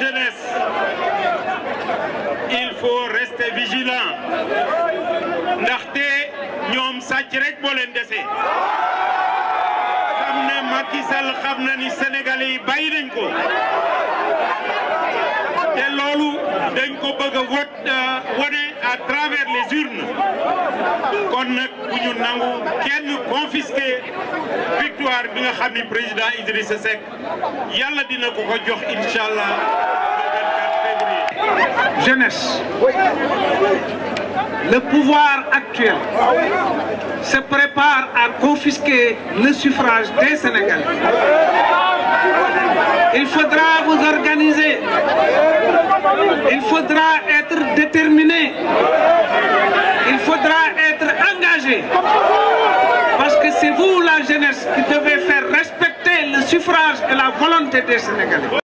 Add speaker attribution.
Speaker 1: jeunesse, il faut rester vigilant ndaxte ñoom sàcc rek moo leen dese. xam ne Macky Sall xam na ni Sénégalais yi bàyyi nañ ko te loolu dañ ko bëgg a wot euh, wone à travers les urnes kon nag bu ñu nangu kenn confisqué. victoire bi nga xam ni président Idrissa Seck yàlla dina ko ko jox incha allah
Speaker 2: le Il faudra vous organiser. Il faudra être déterminé. Il faudra être
Speaker 3: engagé. C'est vous, la jeunesse, qui devez faire respecter le suffrage et la volonté des Sénégalais.